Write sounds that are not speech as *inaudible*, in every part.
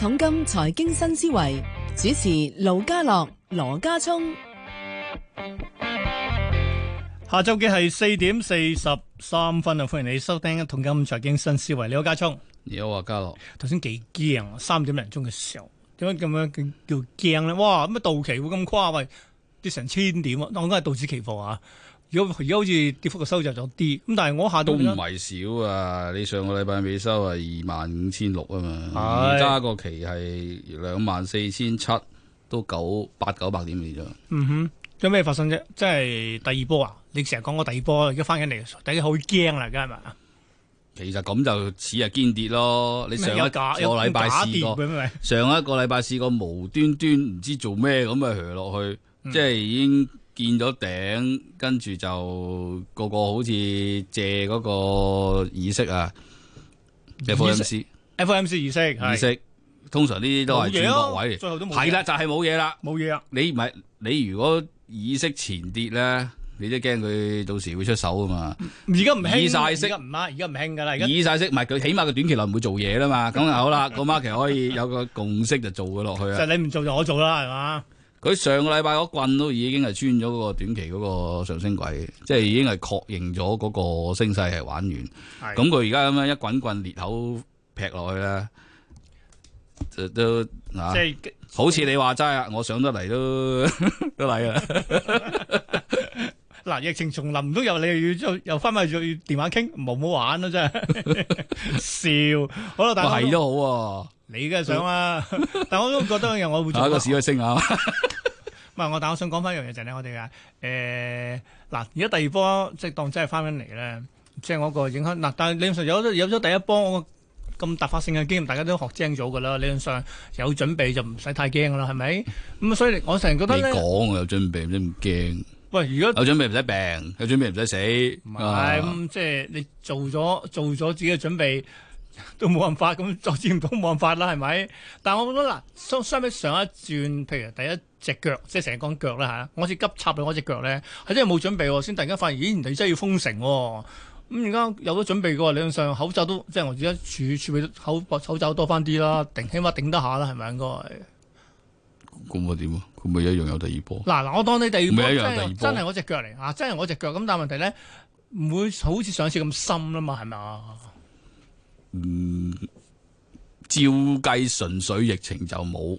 統金財經新思維主持盧家樂、羅家聰，下晝嘅係四點四十三分啊！歡迎你收聽《統金財經新思維》，你好，家聰，你好阿家樂。頭先幾驚啊！三點零鐘嘅時候，點解咁樣叫驚咧？哇！咁啊，到期會咁誇跌成千點啊？講緊係道指期貨啊！而家好似跌幅嘅收窄咗啲，咁但係我下都唔係少啊！你上個禮拜尾收係二萬五千六啊嘛，而家個期係兩萬四千七，都九八九百點嚟咗。嗯哼，有咩發生啫？即係第二波啊！你成日講個第二波，而家翻緊嚟，大家好驚啊！而家係咪？其實咁就似係堅跌咯。你上一個禮，上一個禮拜試過，上一個禮拜試過無端端唔知做咩咁啊，落、嗯、去即係已經。見咗頂，跟住就個個好似借嗰個議息啊，FOMC，FOMC 議息，議息，通常呢啲都係轉角位，最後都冇嘢啦，就係冇嘢啦，冇嘢啦。你唔係你如果議息前跌咧，你都驚佢到時會出手啊嘛。而家唔興，而家唔啱，而家唔興噶啦，而家議息，唔係佢起碼佢短期內唔會做嘢啦嘛。咁啊好啦，個 market 可以有個共識就做嘅落去啦。就你唔做就我做啦，係嘛？佢上個禮拜嗰棍都已經係穿咗個短期嗰個上升軌，即係已經係確認咗嗰個升勢係玩完。咁佢而家咁樣一滾棍裂口劈落去啦，就都啊！即係好似你話齋啊，我上得嚟都得嚟啊！ *laughs* 嗱，疫情重臨都有，你又，又要又翻埋去電話傾，冇好玩啊真係， *laughs* 笑。好啦，大家都係都好啊。你嘅、啊、 *laughs* *laughs* 想啦、呃啦，就是、啦，但我都覺得有我會做。一個市去升吓，唔係我但我想講翻一樣嘢就係咧，我哋啊誒嗱，而家第二波即係當真係翻緊嚟咧，即係我個影響嗱。但係理論上有有咗第一波我咁突發性嘅經驗，大家都學精咗噶啦。理論上有準備就唔使太驚噶啦，係咪咁，所以我成日覺得你講有準備，你唔驚。喂，如果有準備唔使病，有準備唔使死，唔係，咁、啊、即係你做咗做咗自己嘅準備，都冇辦法，咁作戰唔到，冇辦法啦，係咪？但我覺得嗱，相相比上一轉，譬如第一隻腳，即係成日講腳啦嚇，我似急插到我隻腳咧，係真係冇準備喎，先突然間發現，咦，人哋真係要封城喎。咁而家有咗準備嘅話，理論上口罩都即係我自己處處備口口罩多翻啲啦，頂，起碼頂得下啦，係咪應該？咁我點啊？佢咪一樣有第二波。嗱，我當你第二波真係我隻腳嚟啊，真係我隻腳。咁但係問題咧，唔會好似上次咁深啊嘛，係咪？嗯，照計純粹疫情就冇。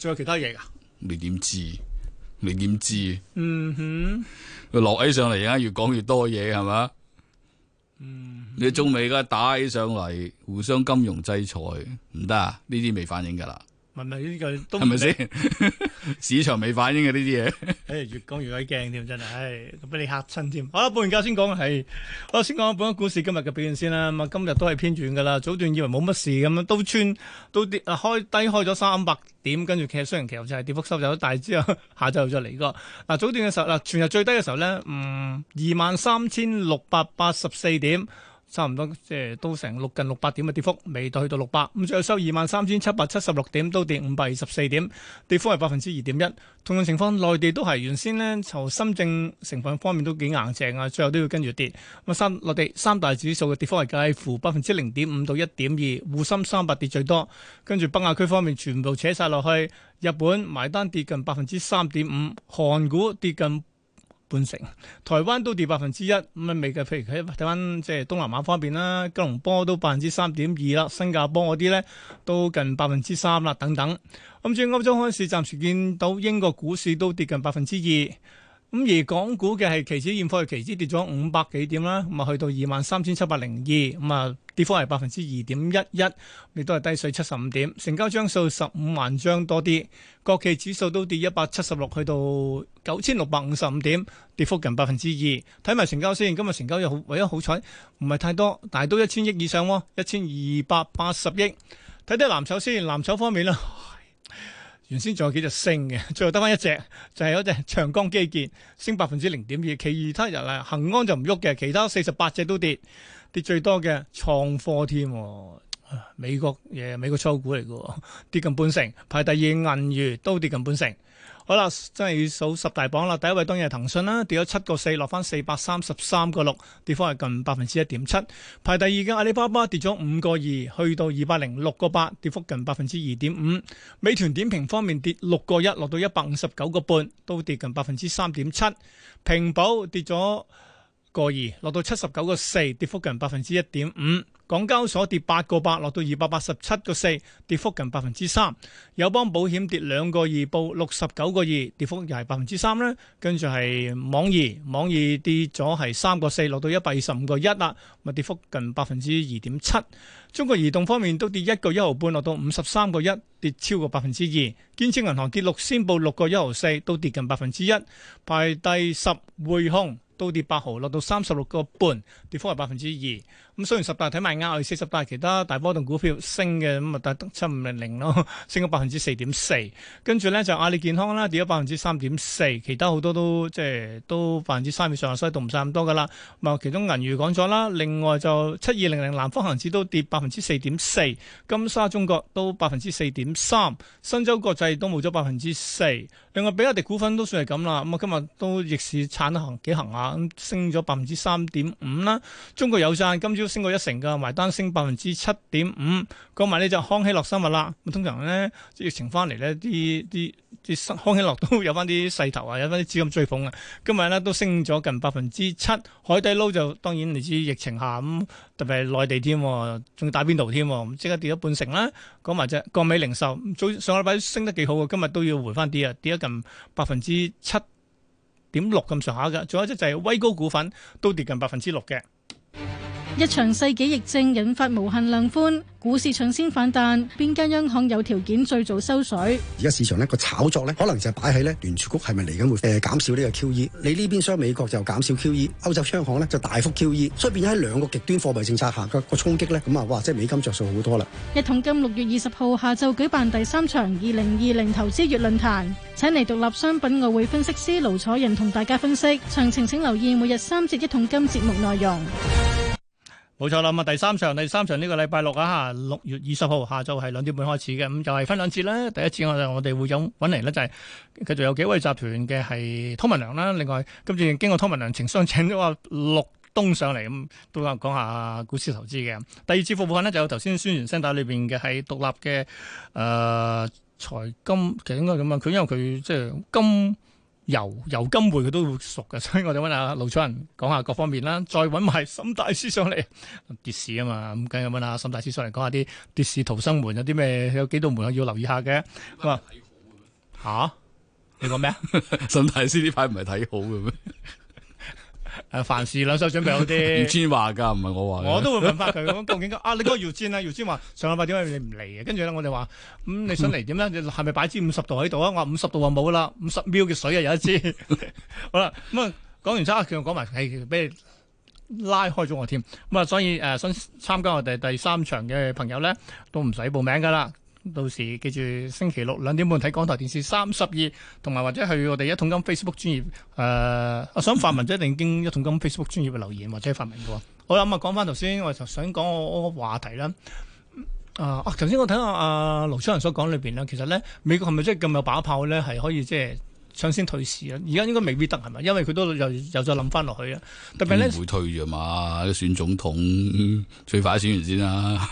仲有其他嘢噶、啊？你點知？你點知？嗯哼，佢落起上嚟而家越講越多嘢係嘛？嗯，你中美嘅打起上嚟，互相金融制裁唔得啊！呢啲未反應噶啦。唔係唔係呢個都係咪先？市場未反應嘅呢啲嘢，誒越講越鬼驚添，真係，唉俾你吓親添。好啦，報完價先講係，我先講本港股市今日嘅表現先啦。咁啊今日都係偏軟噶啦，早段以為冇乜事咁樣，都穿都跌啊，開低開咗三百點，跟住其實雖然其實就係跌幅收窄，但係之後下晝又再嚟過嗱早段嘅時候嗱全日最低嘅時候咧，嗯二萬三千六百八十四點。差唔多即係都成六近六百點嘅跌幅，未到去到六百。咁最後收二萬三千七百七十六點，都跌五百二十四點，跌幅係百分之二點一。同樣情況，內地都係原先呢，從深證成分方面都幾硬淨啊，最後都要跟住跌。咁三內地三大指數嘅跌幅係介乎百分之零點五到一點二，滬深三百跌最多，跟住北亞區方面全部扯晒落去，日本埋單跌近百分之三點五，韓股跌近。半成，台灣都跌百分之一咁啊未計，譬如喺睇翻即係東南亞方面啦，吉隆坡都百分之三點二啦，新加坡嗰啲咧都近百分之三啦，等等。咁至於歐洲開市，暫時見到英國股市都跌近百分之二。咁而港股嘅係期指，現貨嘅期指跌咗五百幾點啦，咁啊去到二萬三千七百零二，咁啊跌幅係百分之二點一一，亦都係低水七十五點，成交張數十五萬張多啲，國企指數都跌一百七十六，去到九千六百五十五點，跌幅近百分之二。睇埋成交先，今日成交又唯一好彩，唔係太多，但係都一千億以上喎，一千二百八十億。睇啲藍籌先，藍籌方面啦。原先仲有幾隻升嘅，最後得翻一隻就係嗰隻長江基建升百分之零點二，其餘七日啊恆安就唔喐嘅，其他四十八隻都跌，跌最多嘅創科添、啊，美國嘢美國初股嚟嘅，跌近半成，排第二銀娛都跌近半成。好啦，真係數十大榜啦。第一位當然係騰訊啦，跌咗七個四，落翻四百三十三個六，跌幅係近百分之一點七。排第二嘅阿里巴巴跌咗五個二，去到二百零六個八，跌幅近百分之二點五。美團點評方面跌六個一，落到一百五十九個半，都跌近百分之三點七。平保跌咗個二，落到七十九個四，跌幅近百分之一點五。港交所跌八個八，落到二百八十七個四，跌幅近百分之三。友邦保險跌兩個二，報六十九個二，跌幅又係百分之三咧。跟住係網易，網易跌咗係三個四，落到一百二十五個一啦，咪跌幅近百分之二點七。中國移動方面都跌一個一毫半，落到五十三個一，跌超過百分之二。建設銀行跌六仙，報六個一毫四，都跌近百分之一。排第十匯控都跌八毫，落到三十六個半，跌幅係百分之二。咁雖然十大睇埋啱，我四十大其他大波動股票升嘅咁咪得七五零零咯，升咗百分之四點四。跟住咧就阿里健康啦，跌咗百分之三點四，其他好多都即係都百分之三以上，所以都唔晒咁多噶啦。啊，其中銀娛講咗啦，另外就七二零零南方恒指都跌百分之四點四，金沙中國都百分之四點三，新洲國際都冇咗百分之四。另外比亞迪股份都算係咁啦。咁啊今日都逆市產行幾行下、啊，咁升咗百分之三點五啦。中國有賺今都升過一成噶，埋單升百分之七點五。講埋呢隻康希諾生物啦，咁通常咧疫情翻嚟咧啲啲啲康希諾都有翻啲勢頭啊，有翻啲資金追捧啊。今日咧都升咗近百分之七。海底撈就當然你知疫情下咁，特別係內地添，仲要打邊度添，即刻跌咗半成啦。講埋隻國美零售，早上個禮拜升得幾好嘅，今日都要回翻啲啊，跌咗近百分之七點六咁上下噶。仲有一隻就係威高股份，都跌近百分之六嘅。一場世紀疫症引發無限量寬，股市搶先反彈，邊間央行有條件最早收水？而家市場呢個炒作呢，可能就係擺喺呢，聯儲局係咪嚟緊會誒減少呢個 Q E？你呢邊廂美國就減少 Q E，歐洲央行呢就大幅 Q E，所以變咗喺兩個極端貨幣政策下嘅個衝擊呢，咁啊，哇，即係美金著數好多啦。一桶金六月二十號下晝舉辦第三場二零二零投資月論壇，請嚟獨立商品外匯分析師盧楚仁同大家分析，詳情請留意每日三節一桶金節目內容。冇錯啦，咁啊第三場，第三場呢、這個禮拜六啊，六月二十號下晝係兩點半開始嘅，咁就係、是、分兩次啦。第一次我就我哋會長揾嚟咧，就係繼續有幾位集團嘅係湯文良啦，另外今次經過湯文良情商請咗阿陸東上嚟咁，都講講下股市投資嘅。第二次部分呢就有頭先宣傳聲帶裏邊嘅係獨立嘅誒、呃、財金，其實應該咁樣，佢因為佢即係金。由由金匯佢都熟㗎，所以我哋揾阿老春講下各方面啦，再揾埋沈大師上嚟跌市啊嘛，咁梗係揾阿沈大師上嚟講下啲跌市逃生門有啲咩，有幾道門要留意下嘅。咁啊，睇好嘅咩？吓，你講咩啊？沈大師呢排唔係睇好嘅咩？誒，凡事兩手準備好啲。姚千嬅㗎，唔係我話。我都會問翻佢咁，究竟啊，你嗰個姚楊千啊，楊千嬅上禮拜點解你唔嚟、嗯、啊？跟住咧，我哋話咁你想嚟點咧？你係咪擺支五十度喺度啊？我話五十度啊冇啦，五十秒嘅水啊有一支。 *laughs* 好啦，咁、嗯、啊講完之後啊，叫我講埋，係俾你拉開咗我添。咁、嗯、啊，所以誒、呃，想參加我哋第三場嘅朋友咧，都唔使報名㗎啦。到時記住星期六兩點半睇港台電視三十二，同埋或者去我哋一桶金 Facebook 專頁誒，我、呃、想發文就一定經一桶金 Facebook 專頁嘅留言或者發文嘅。好啦，咁啊講翻頭先，我就想講我個話題啦、呃。啊，頭先我睇下阿盧昌仁所講裏邊咧，其實呢美國係咪真係咁有把炮呢？係可以即係搶先退市啊？而家應該未必得係咪？因為佢都又又再諗翻落去啊。特別咧唔會退嘅嘛，選總統最快選完先啦。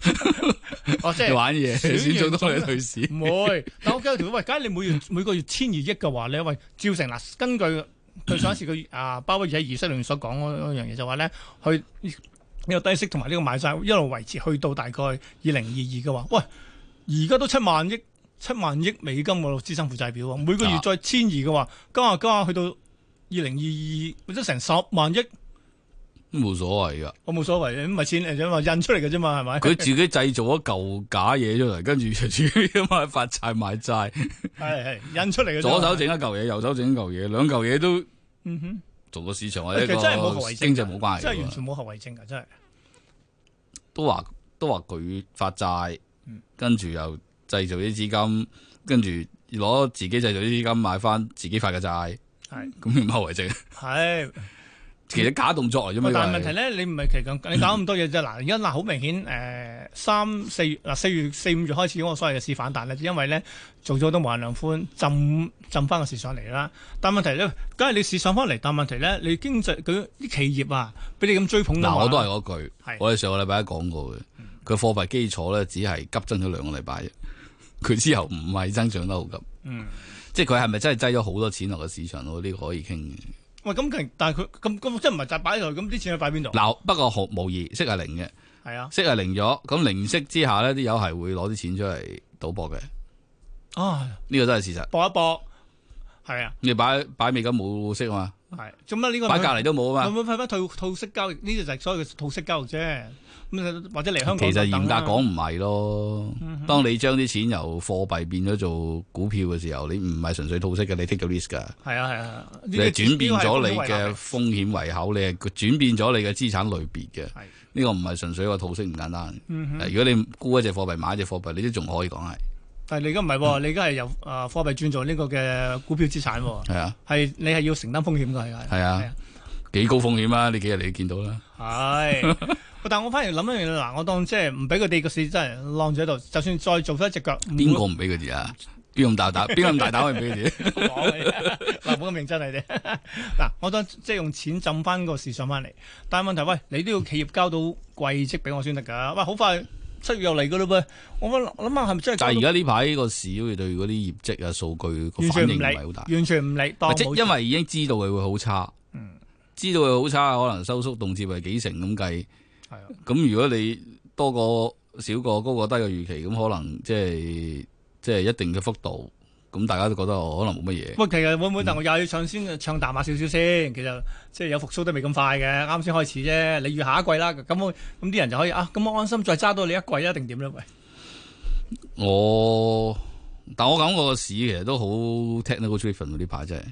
*laughs* *laughs* 我、哦、即係玩嘢，少少都做你退市，唔會。 *laughs* 但係我見到喂，假如你每月每個月千二億嘅話，你喂照成嗱，根據佢上一次嘅 *coughs* 啊，包括而喺議息裡面所講嗰樣嘢，就話咧，佢呢個低息同埋呢個買債一路維持，去到大概二零二二嘅話，喂，而家都七萬億七萬億美金嘅資產負債表，每個月再千二嘅話，加下加下去到二零二二，或者成十萬億。冇所謂噶，我冇所謂嘅，唔係錢嚟啫嘛，印出嚟嘅啫嘛，係咪？佢自己製造咗嚿假嘢出嚟，跟住就自己咁啊發債買債，係係印出嚟嘅。左手整一嚿嘢，右手整一嚿嘢，兩嚿嘢都個，嗯哼，做個市場或者個經濟冇關係，真係完全冇後遺症嘅，真係。都話都話佢發債，跟住又製造啲資金，跟住攞自己製造啲資金買翻自己發嘅債，係，咁冇後遺症？係。其實假動作嚟啫嘛，但係問題咧，你唔係其實咁，你搞咁多嘢啫。嗱，而家嗱好明顯，誒，三四月嗱四月四五月開始嗰個所謂嘅市反彈咧，因為咧做咗好多無限量寬，浸浸翻個市上嚟啦。但問題咧，梗係你，你、 *coughs* 呃、3, 4, 市上翻嚟，但問題咧，你經濟佢啲企業啊，俾你咁追捧。嗱、啊，我都係嗰句，我哋上個禮拜都講過嘅，佢貨幣基礎咧只係急增咗兩個禮拜，佢 *laughs* 之後唔係增長得好急。嗯，即係佢係咪真係擠咗好多錢落個市場？我、這、呢個可以傾嘅。喂，咁但係佢咁咁，真唔係就擺喺度，咁啲錢喺擺邊度？嗱，不過毫無疑息係零嘅，係啊，息係零咗，咁零息之下咧，啲友係會攞啲錢出嚟賭博嘅。啊，呢、這個真係事實，搏一搏係啊。你擺擺美金冇息啊嘛？係做乜呢個？擺隔籬都冇啊嘛？會唔會翻套套息交易？呢、這個就係所謂嘅套息交易啫。或者嚟香港、啊，其實嚴格講唔係咯。當你將啲錢由貨幣變咗做股票嘅時候，你唔係純粹套息嘅，你係 take 咗 risk 㗎。係啊係啊，你係轉變咗你嘅風險胃口，你係轉變咗你嘅資產類別嘅。呢、啊呢個唔係純粹一個套息，唔簡單、嗯。如果你沽一隻貨幣買一隻貨幣，你都仲可以講係。但你而家唔係喎，你而家係由啊貨幣轉做呢個嘅股票資產喎。係啊，係你係要承擔風險㗎，係啊。啊，啊，啊，幾高風險啊！呢幾日你都見到啦。係。 *laughs* 但我反而諗一樣嘢，嗱，我當即係唔俾佢哋個市真係晾住喺度，就算再做出一隻腳。邊個唔俾佢哋啊？邊咁大膽？邊咁大膽可以俾佢哋？講 *laughs* 你，劉寶明真係啫。嗱，我當即係用錢浸翻個市上翻嚟。但係問題，喂，你都要企業交到季績俾我先得噶。喂，好快七月又嚟噶啦噃。我諗，我諗下係咪真係？但係而家呢排個市好似對嗰啲業績啊、數據個反應唔係好大，完全唔理。當因為已經知道佢會好差，知道佢好差，可能收縮動輒係幾成咁計。係啊，咁如果你多個少個高個低個預期，咁可能即係即係一定嘅幅度，咁大家都覺得可能冇乜嘢。喂，其實會唔會、嗯、但我又要唱先唱淡下少少先？其實即係有復甦都未咁快嘅，啱先開始啫。你預下一季啦，咁咁啲人就可以啊，咁我安心再揸到你一季一定點咧？喂，我，但我感覺個市其實都好 technical driven 喎，呢排真係，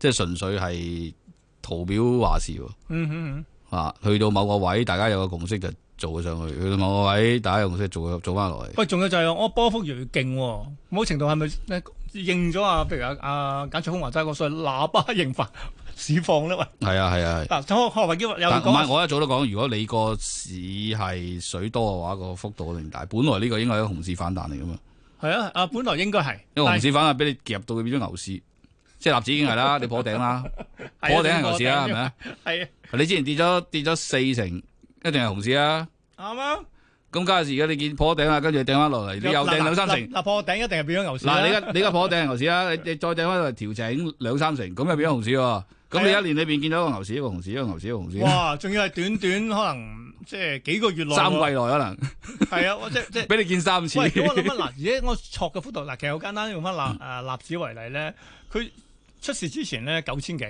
即係純粹係圖表話事喎。嗯嗯，嗯啊，去到某個位，大家有個共識就做上去；去到某個位，大家有共識做做翻落嚟。喂，仲有就係我波幅越嚟越勁、哦，某程度係咪應咗啊？譬如啊啊簡卓峯話齋嗰句，喇叭應發市況咧？喂，係啊係啊。嗱、啊，唔係、啊啊啊、我一早都講，如果你個市係水多嘅話，個幅度一定大。本來呢個應該係一個熊市反彈嚟㗎嘛。係啊，啊本來應該係，因為熊市反彈俾你夾到變咗牛市。即係納指已經係啦，你破頂啦，破頂係牛市啦，係咪啊？係啊，你之前跌咗跌咗四成，一定係熊市啊！啱啊，咁假使而家你見破頂啦，跟住掟翻落嚟，你又掟兩三成，破頂一定係變咗牛市。嗱你而家你而家破頂係牛市啊！你你再掟翻落嚟調整兩三成，咁又變咗熊市喎！咁你一年裏邊見到一個牛市、一個熊市、一個牛市、一個熊市。哇！仲要係短短可能即係幾個月內，三季內可能係啊！即即俾你見三次。咁我諗乜嗱？而家我錯嘅幅度嗱，其實好簡單，用翻嗱誒納指為例咧，佢。出事之前咧九千幾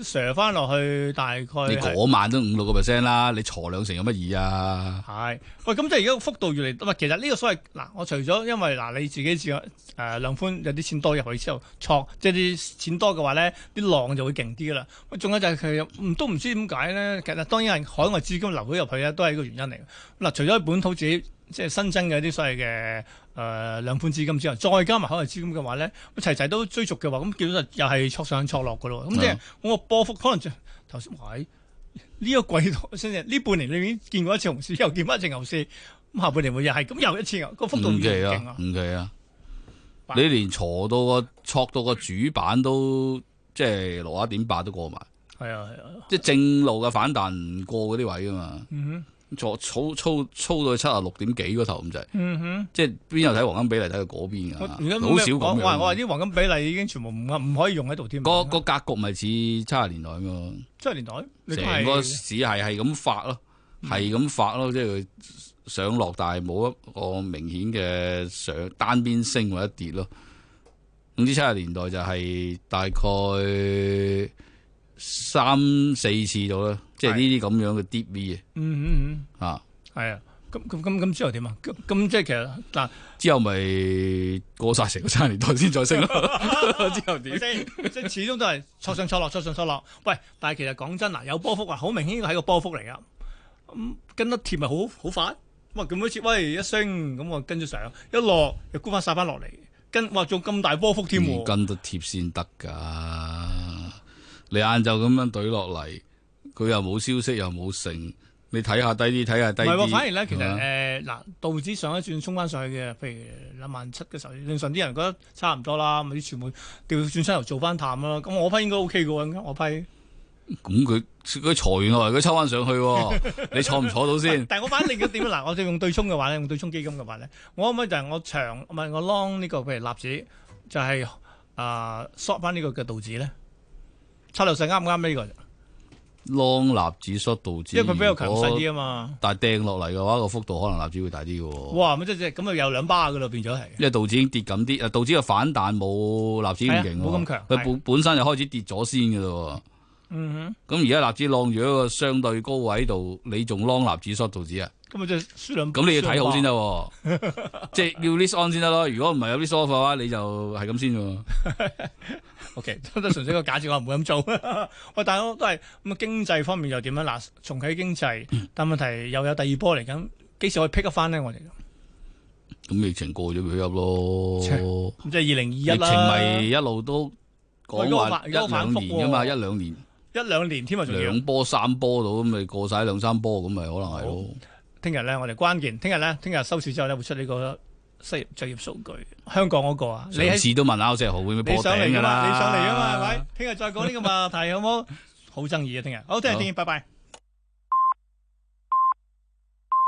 share 翻落去大概。你嗰晚都五六個 percent 啦，啦，你挫兩成有乜意啊？係，喂，咁即係而家個幅度越嚟，唔係其實呢個所謂嗱，我除咗因為嗱你自己自誒量寬有啲錢多入去之後，挫即係啲錢多嘅話咧，啲浪就會勁啲㗎啦。喂，仲有就係佢唔都唔知點解咧？其實當然係海外資金流咗入去咧，都係一個原因嚟。嗱，除咗本土自己。即係新增嘅一啲所謂嘅誒兩盤資金之後，再加埋海外資金嘅話咧，齊齊都追逐嘅話，咁叫做又係挫上挫落嘅咯。咁、啊、即係我波幅可能就頭先話喺呢一個季度，甚至呢半年你已經見過一次熊市，又見翻一次牛市。咁下半年會又係咁又一次牛，那個幅度越嚟越勁啊！唔奇、啊、奇啊！你連挫到個挫到個主板都即係六一點八都過埋，係啊係啊！即係正路嘅反彈唔過嗰啲位啊嘛。嗯哼作粗粗粗到七啊六點幾嗰頭咁滯，嗯哼，即係邊有睇黃金比例睇到嗰邊噶，而家好少咁樣。我話我話啲黃金比例已經全部唔唔可以用喺度添。個個格局咪似七十年代咁。七十年代成個市係係咁發咯，係、嗯、咁發咯，即係佢上落，但係冇一個明顯嘅上單邊升或者跌咯。總之七十年代就係大概。三四次到啦，即係呢啲咁樣嘅 deep V 啊，嗯嗯嗯，啊，係啊，咁咁咁咁之後點啊？咁咁即係其實嗱，之後咪過晒成個三十年代先再升咯。 *laughs* 之後點升？即係始終都係挫上挫落，挫 *laughs* 上挫落，落。喂，但係其實講真嗱，有波幅啊，好明顯個係個波幅嚟噶。咁跟得貼咪好好快。哇，咁好似喂一升，咁我跟住上，一落又沽翻晒翻落嚟，跟哇做咁大波幅添。跟得貼先得噶。你晏晝咁樣懟落嚟，佢又冇消息又冇成，你睇下低啲，睇下低啲。唔係喎，反而咧，其實誒，嗱、呃，道指上一轉衝翻上去嘅，譬如兩萬七嘅時候，正常啲人覺得差唔多啦，咪全部調轉身又做翻淡啦。咁我批應該 O K 嘅喎，我批。咁佢佢裁員來，佢抽翻上去， *laughs* 你坐唔坐到先？ *laughs* *laughs* *laughs* *laughs* 但係我反而要點嗱，我用對沖嘅話咧，用對沖基金嘅話咧，我可唔可以就係我長唔係我 long 呢、這個譬如例子，就係啊 short 翻呢個嘅道指咧？七六去啱唔啱呢個？long 粒子速度，因為佢比較強勢啲啊嘛。但係掟落嚟嘅話，那個幅度可能粒子會大啲嘅。哇！咪即係咁啊，又兩巴嘅啦，變咗係。因為道指已經跌咁啲，誒，道指個反彈冇立子咁勁，冇咁強。佢本本身就開始跌咗先嘅啦。咁而家粒子浪住一個相對高位度，你仲 long 粒子速度指啊？咁咪即係輸咁你要睇好先得，即係要啲 on 先得咯。如果唔係有啲 sofa 嘅話，你就係咁先。 *laughs* 都、okay。都 *laughs* 純粹個假設，我唔會咁做。喂， *laughs* 大佬，都係咁啊，經濟方面又點樣？嗱，重啟經濟，但問題又有第二波嚟緊，幾時可以 pick 得翻呢？我哋咁疫情過咗佢一咯，即係二零二一疫情咪一路都嗰一,一兩年㗎嘛，啊、一兩年一兩年添啊，仲兩波三波到，咁咪過晒兩三波，咁咪可能係咯。聽日咧，我哋關鍵，聽日咧，聽日收市之後咧，會出呢、呢個。失業就業數據，香港嗰個啊？一次都問歐債會唔會上嚟噶嘛，你上嚟啊嘛，係 *laughs* 咪？聽日再講呢個話題好冇？好，好 *laughs* 爭議啊！聽日，好，聽日見，拜拜。